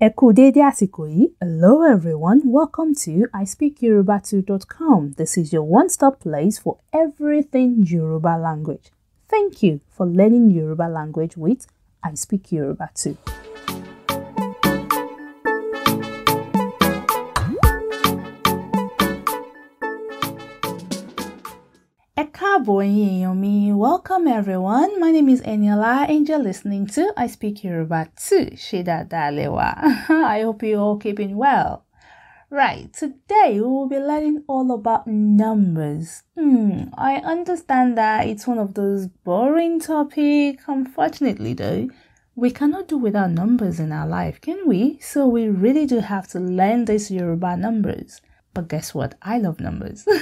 Hello everyone, welcome to ispeakyoruba2.com. This is your one-stop place for everything Yoruba language. Thank you for learning Yoruba language with I Speak Yoruba 2. yomi, Welcome everyone. My name is Eniola and you're listening to I Speak Yoruba to Shida Dalewa. I hope you're all keeping well. Right, today we will be learning all about numbers. Hmm, I understand that it's one of those boring topics. Unfortunately though, we cannot do without numbers in our life, can we? So we really do have to learn these Yoruba numbers. But guess what? I love numbers.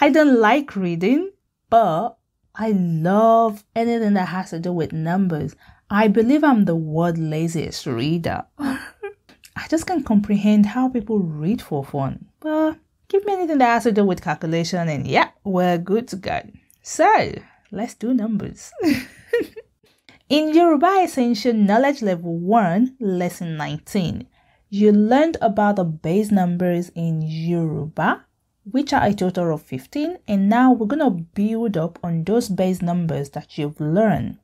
I don't like reading, but I love anything that has to do with numbers. I believe I'm the world laziest reader. I just can't comprehend how people read for fun. But give me anything that has to do with calculation, and yeah, we're good to go. So let's do numbers. In Yoruba Essential Knowledge Level 1, Lesson 19, you learned about the base numbers in Yoruba which are a total of 15 and now we're going to build up on those base numbers that you've learned.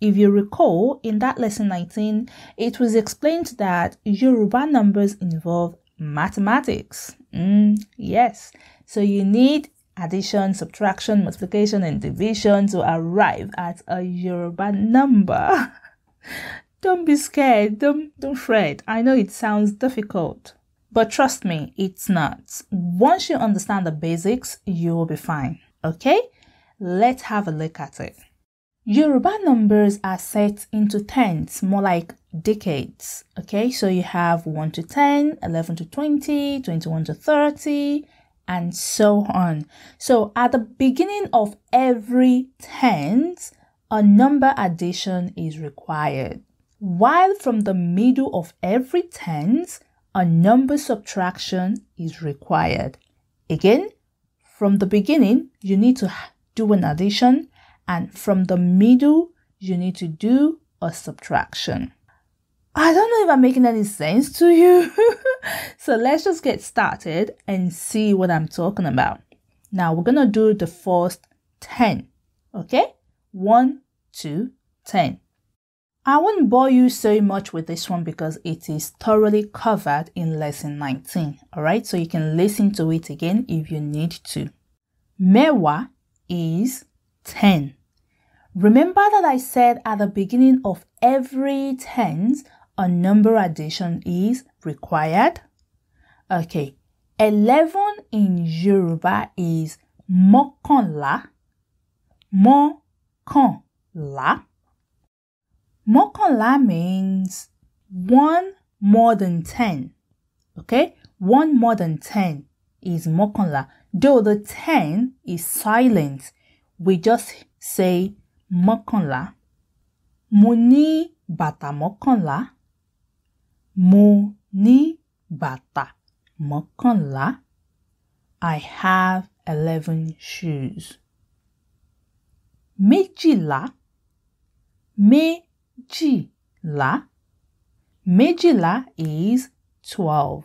If you recall, in that lesson 19, it was explained that Yoruba numbers involve mathematics. Mm, yes, so you need addition, subtraction, multiplication, and division to arrive at a Yoruba number. don't be scared, don't, don't fret. I know it sounds difficult. But trust me, it's not. Once you understand the basics, you will be fine. Okay? Let's have a look at it. Yoruba numbers are set into tens, more like decades. Okay, so you have 1 to 10, 11 to 20, 21 to 30, and so on. So at the beginning of every tens, a number addition is required. While from the middle of every tens, a number subtraction is required. Again, from the beginning, you need to do an addition, and from the middle, you need to do a subtraction. I don't know if I'm making any sense to you. so let's just get started and see what I'm talking about. Now we're going to do the first 10. Okay? 1, 2, 10. I won't bore you so much with this one because it is thoroughly covered in lesson 19, alright? So you can listen to it again if you need to. Mewa is 10. Remember that I said at the beginning of every tense, a number addition is required? Okay, 11 in Yoruba is mokonla, mokonla. Mokonla means one more than 10. Okay? One more than 10 is mokonla. Though the 10 is silent, we just say mokonla. Muni bàtà mokonla. Muni bàtà mokonla. I have 11 shoes. Méjìlá. Me méjìlá. Méjìlá is 12.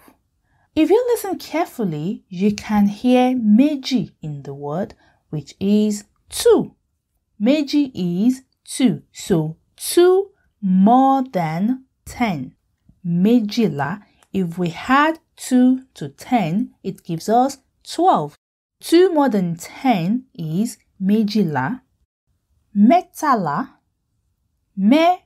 If you listen carefully, you can hear méjì in the word, which is 2. Méjì is 2, so 2 more than 10. Méjìlá, if we add 2 to 10, it gives us 12. 2 more than 10 is méjìlá. Mẹ́tàlá. Mẹ́tàlá.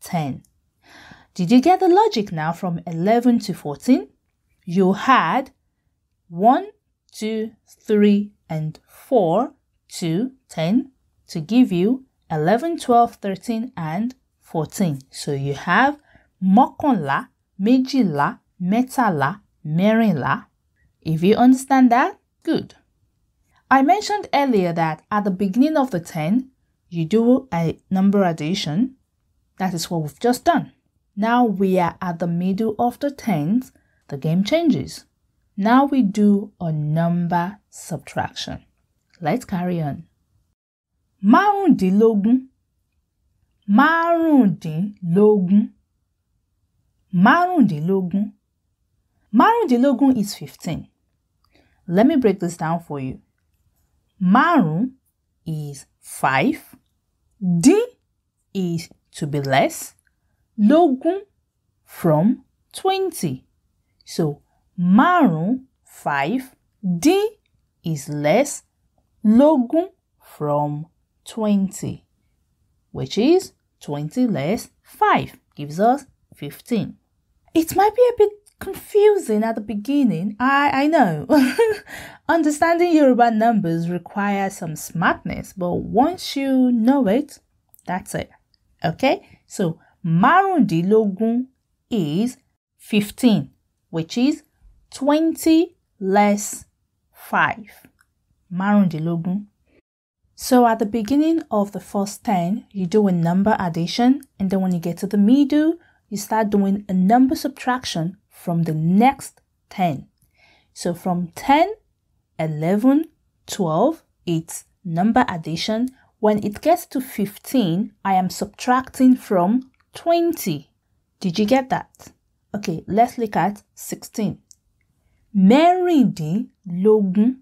10. Did you get the logic now from 11 to 14? You had 1, 2, 3, and 4 to 10 to give you 11, 12, 13, and 14. So you have mokonla, méjìlá, mẹ́tàlá, mẹ́rìnlá. If you understand that, good. I mentioned earlier that at the beginning of the 10, you do a number addition that is what we've just done. Now we are at the middle of the tens, the game changes. Now we do a number subtraction. Let's carry on. Márùndínlógún. Márùndínlógún. Márùndínlógún. Márùndínlógún is 15. Let me break this down for you. Márùn is 5. D is to be less, lógún from 20. So márùn 5 d is less lógún from 20 which is 20 less 5 gives us 15. It might be a bit confusing at the beginning, I, I know. Understanding Yoruba numbers requires some smartness, but once you know it, that's it. Okay, so márùndínlógún is 15, which is 20 less 5. Márùndínlógún. So at the beginning of the first 10, you do a number addition, and then when you get to the middle, you start doing a number subtraction from the next 10. So from 10, 11, 12, it's number addition. When it gets to 15, I am subtracting from 20. Did you get that? Okay, let's look at 16. Mẹ́rìndínlógún.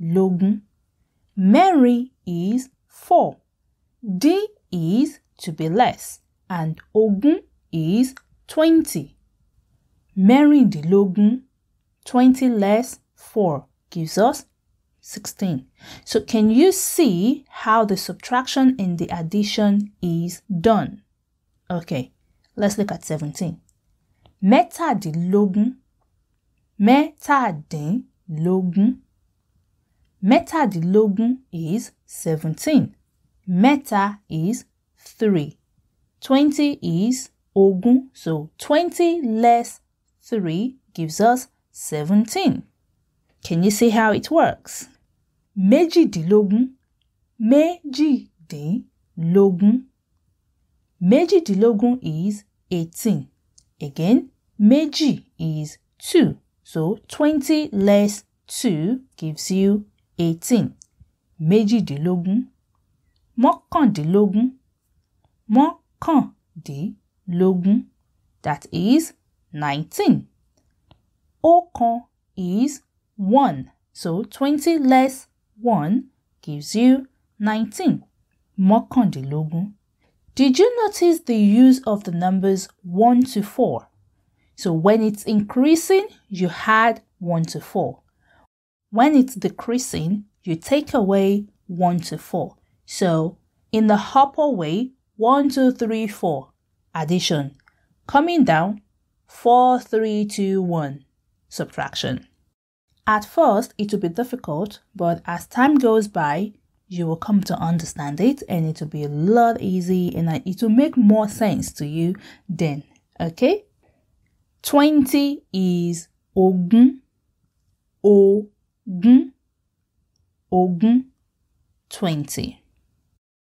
logun. Mary is 4. D is to be less and ogún is 20. logun, 20 less 4 gives us 16. So can you see how the subtraction and the addition is done? Okay, let's look at 17. Meta de Mẹ́tàdínlógún is 17. Mẹ́ta is 3. 20 is ogún, so 20 less 3 gives us 17. Can you see how it works? méjìdínlógún méjìdínlógún méjìdínlógún is eighteen again méjì is two so twenty less two gives you eighteen méjìdínlógún mọ́kàndínlógún mọ́kàndínlógún that is nineteen kan is one so twenty less 1 gives you 19. Mọ́kàndínlógún. Did you notice the use of the numbers 1 to 4? So when it's increasing, you add 1 to 4. When it's decreasing, you take away 1 to 4. So in the upper way, 1, 2, 3, 4, addition. Coming down, 4, 3, 2, 1, subtraction. At first, it will be difficult, but as time goes by, you will come to understand it and it will be a lot easy and it will make more sense to you then. Okay? 20 is ogun, ogun, ogun, 20.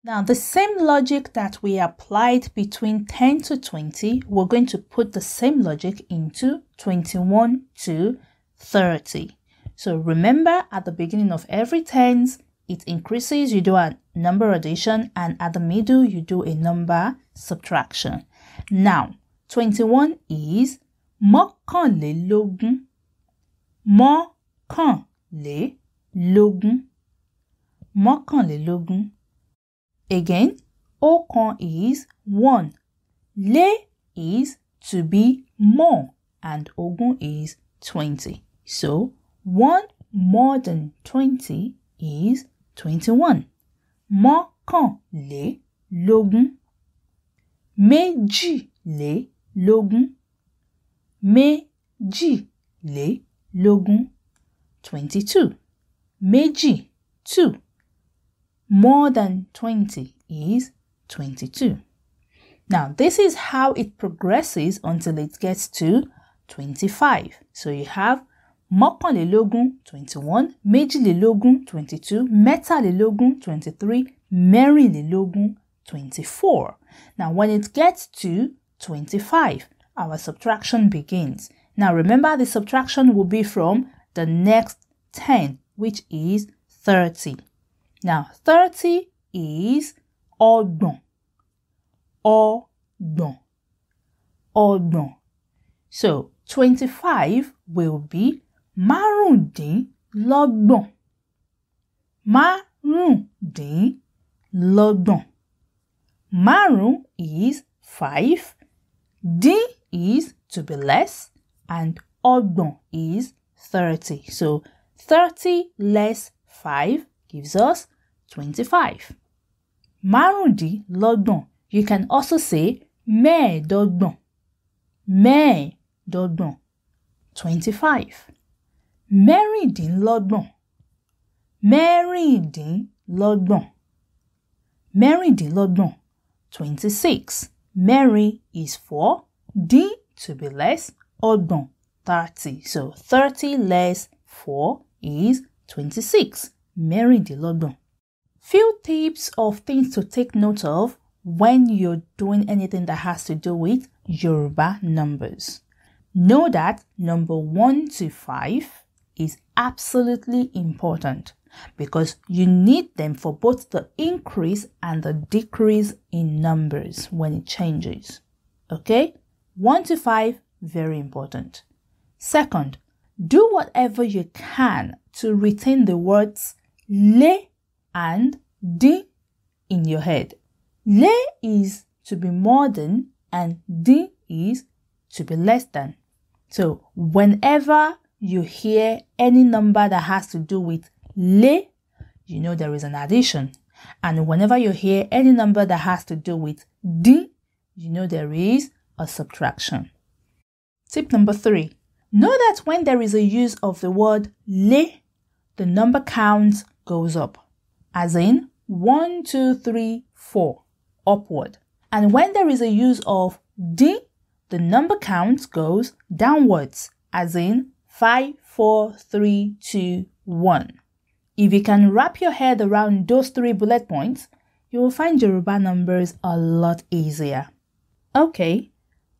Now, the same logic that we applied between 10 to 20, we're going to put the same logic into 21 to 30. So remember at the beginning of every tense, it increases, you do a number addition, and at the middle, you do a number subtraction. Now, 21 is mọ́kànlélógún, le mọ́kànlélógún. Again, ọ̀kan is one, lé is to be more, and ogún is 20. So, 1 more than 20 is 21. Mọ́kànlélógún. le Méjìlélógún. 22. Méjì. 2. More than 20 is 22. Now, this is how it progresses until it gets to 25. So you have mọ́kànlélógún twenty one méjìlélógún twenty two mẹ́tàlélógún twenty three mẹ́rìnlélógún twenty four. Now when it gets to twenty five our subtraction begins. Now remember the subtraction will be from the next 10 which is 30. Now 30 is ọgbọ̀n ọgbọ̀n ọgbọ̀n. So 25 will be márùndínlọ́gbọ̀n márùndínlọ́gbọ̀n márùn is five dín is to be less and ọgbọ̀n is thirty so thirty less five gives us twenty-five márùndínlọ́gbọ̀n you can also say mẹ́ẹ̀ẹ́dọ́gbọ̀n mẹ́ẹ̀ẹ́dọ́gbọ̀n twenty-five mẹ́rìndínlọ́gbọ̀n mẹ́rìndínlọ́gbọ̀n mẹ́rìndínlọ́gbọ̀n twenty six mẹ́rin is four dín to be less ọgbọ̀n thirty so thirty less four is twenty six mẹ́rìndínlọ́gbọ̀n. Few tips of things to take note of when you're doing anything that has to do with Yoruba numbers. Know that number 1 to 5 absolutely important because you need them for both the increase and the decrease in numbers when it changes. Okay? 1 to 5, very important. Second, do whatever you can to retain the words le and di in your head. Le is to be more than and di is to be less than. So whenever you hear any number that has to do with le, you know there is an addition. And whenever you hear any number that has to do with d, you know there is a subtraction. Tip number three. Know that when there is a use of the word le, the number count goes up, as in 1, 2, 3, 4, upward. And when there is a use of d, the number count goes downwards, as in Five, four, three, two, one. If you can wrap your head around those three bullet points, you will find Yoruba numbers a lot easier. Okay,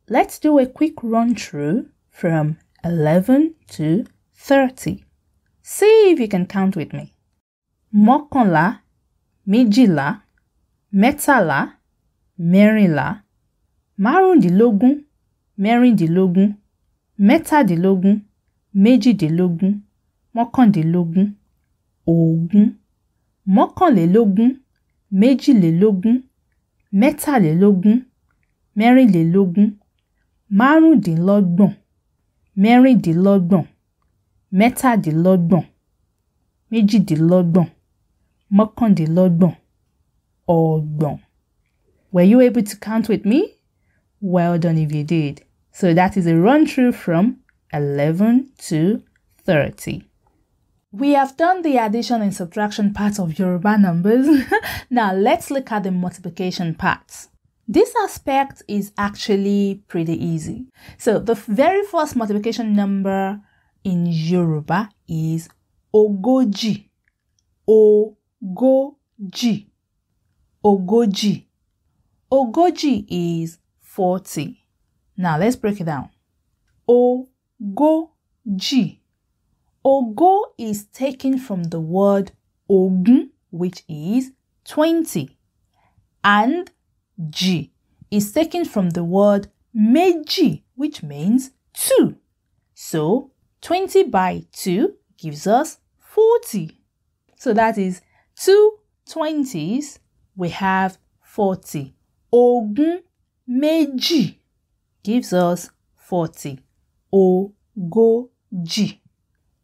let's do a quick run through from 11 to 30. See if you can count with me. Mọ́kànlá, méjìlá, mẹ́tàlá, logun, márùndínlógún, mẹ́rìndínlógún, logun. méjìdínlógún mọ́kàndínlógún ogún mọ́kànlélógún méjìlélógún mẹ́tàlélógún mẹ́rìnlélógún márùndínlọ́gbọ̀n mẹ́rìndínlọ́gbọ̀n mẹ́tàdínlọ́gbọ̀n méjìdínlọ́gbọ̀n mọ́kàndínlọ́gbọ̀n ọgbọ̀n. Were you able to count with me? Well done if you did. So that is a run through from 11 to 30. We have done the addition and subtraction part of Yoruba numbers. now let's look at the multiplication part. This aspect is actually pretty easy. So the very first multiplication number in Yoruba is ogoji. Ogoji. Ogoji. Ogoji is 40. Now let's break it down. O go ji. Ogo is taken from the word ogun, which is 20, and ji is taken from the word meji, which means 2. So 20 by 2 gives us 40. So that is two 20s, we have 40. Ogun meji gives us 40 ogoji,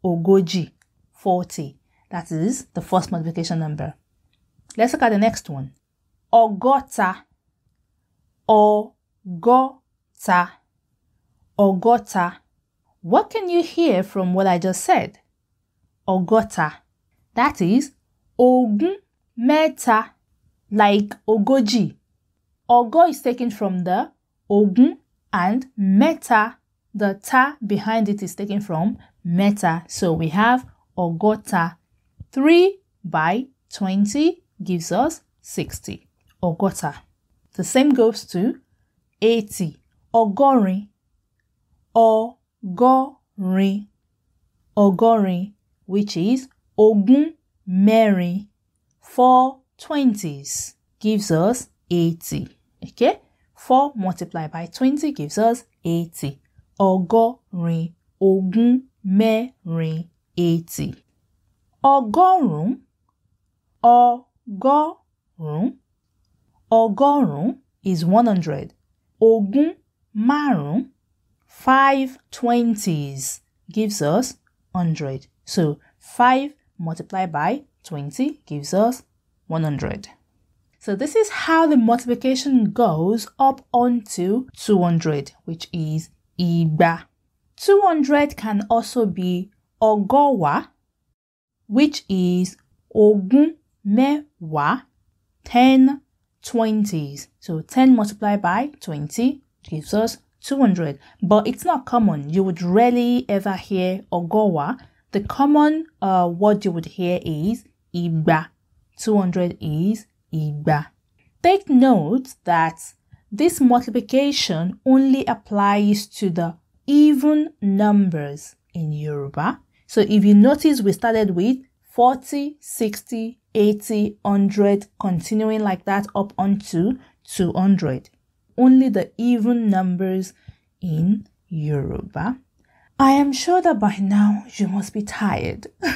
ogoji, 40. That is the first multiplication number. Let's look at the next one. Ogota, ogota, ogota. What can you hear from what I just said? Ogota. That is ogun meta, like ogoji. Ogo is taken from the ogun and meta the ta behind it is taken from meta. So we have ogota. 3 by 20 gives us 60. Ogota. The same goes to 80. Ogori. Ogori. Ogori, which is ogun 4 Four twenties gives us 80. Okay? 4 multiplied by 20 gives us 80 ọgọ́rin ogún mẹ́rin eighty ọgọ́rùn-ún ọgọ́rùn-ún ọgọ́rùn-ún is one hundred ogún márùn-ún five twenties gives us hundred so five multiplied by twenty gives us one hundred. So this is how the multiplication goes up onto 200, which is igba. 200 can also be ogowa, which is ogún mẹ́wàá, 10 20s. So 10 multiplied by 20 gives us 200. But it's not common. You would rarely ever hear ogowa. The common uh, word you would hear is igba. 200 is igba. Take note that this multiplication only applies to the even numbers in Yoruba. So if you notice, we started with 40, 60, 80, 100, continuing like that up onto 200. Only the even numbers in Yoruba. I am sure that by now you must be tired.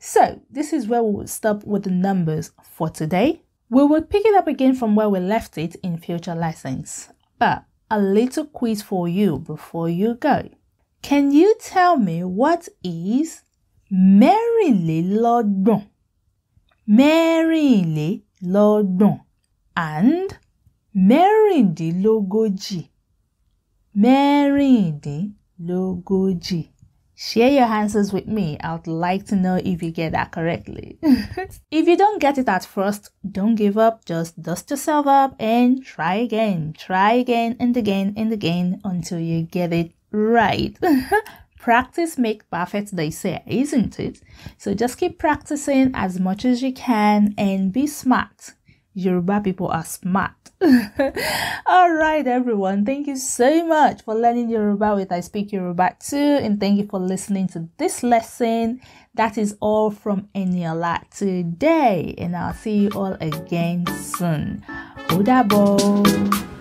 so, this is where we will stop with the numbers for today. We will pick it up again from where we left it in future lessons, but a little quiz for you before you go. Can you tell me what is Lodon, and mẹ́rìndínlógójì. Logoji? Share your answers with me. I would like to know if you get that correctly. if you don't get it at first, don't give up. Just dust yourself up and try again. Try again and again and again until you get it right. practice make perfect they say isn't it so just keep practicing as much as you can and be smart Yoruba people are smart. All right, everyone. Thank you so much for learning Yoruba with I Speak Yoruba too, and thank you for listening to this lesson. That is all from Eniola today, and I'll see you all again soon. bo.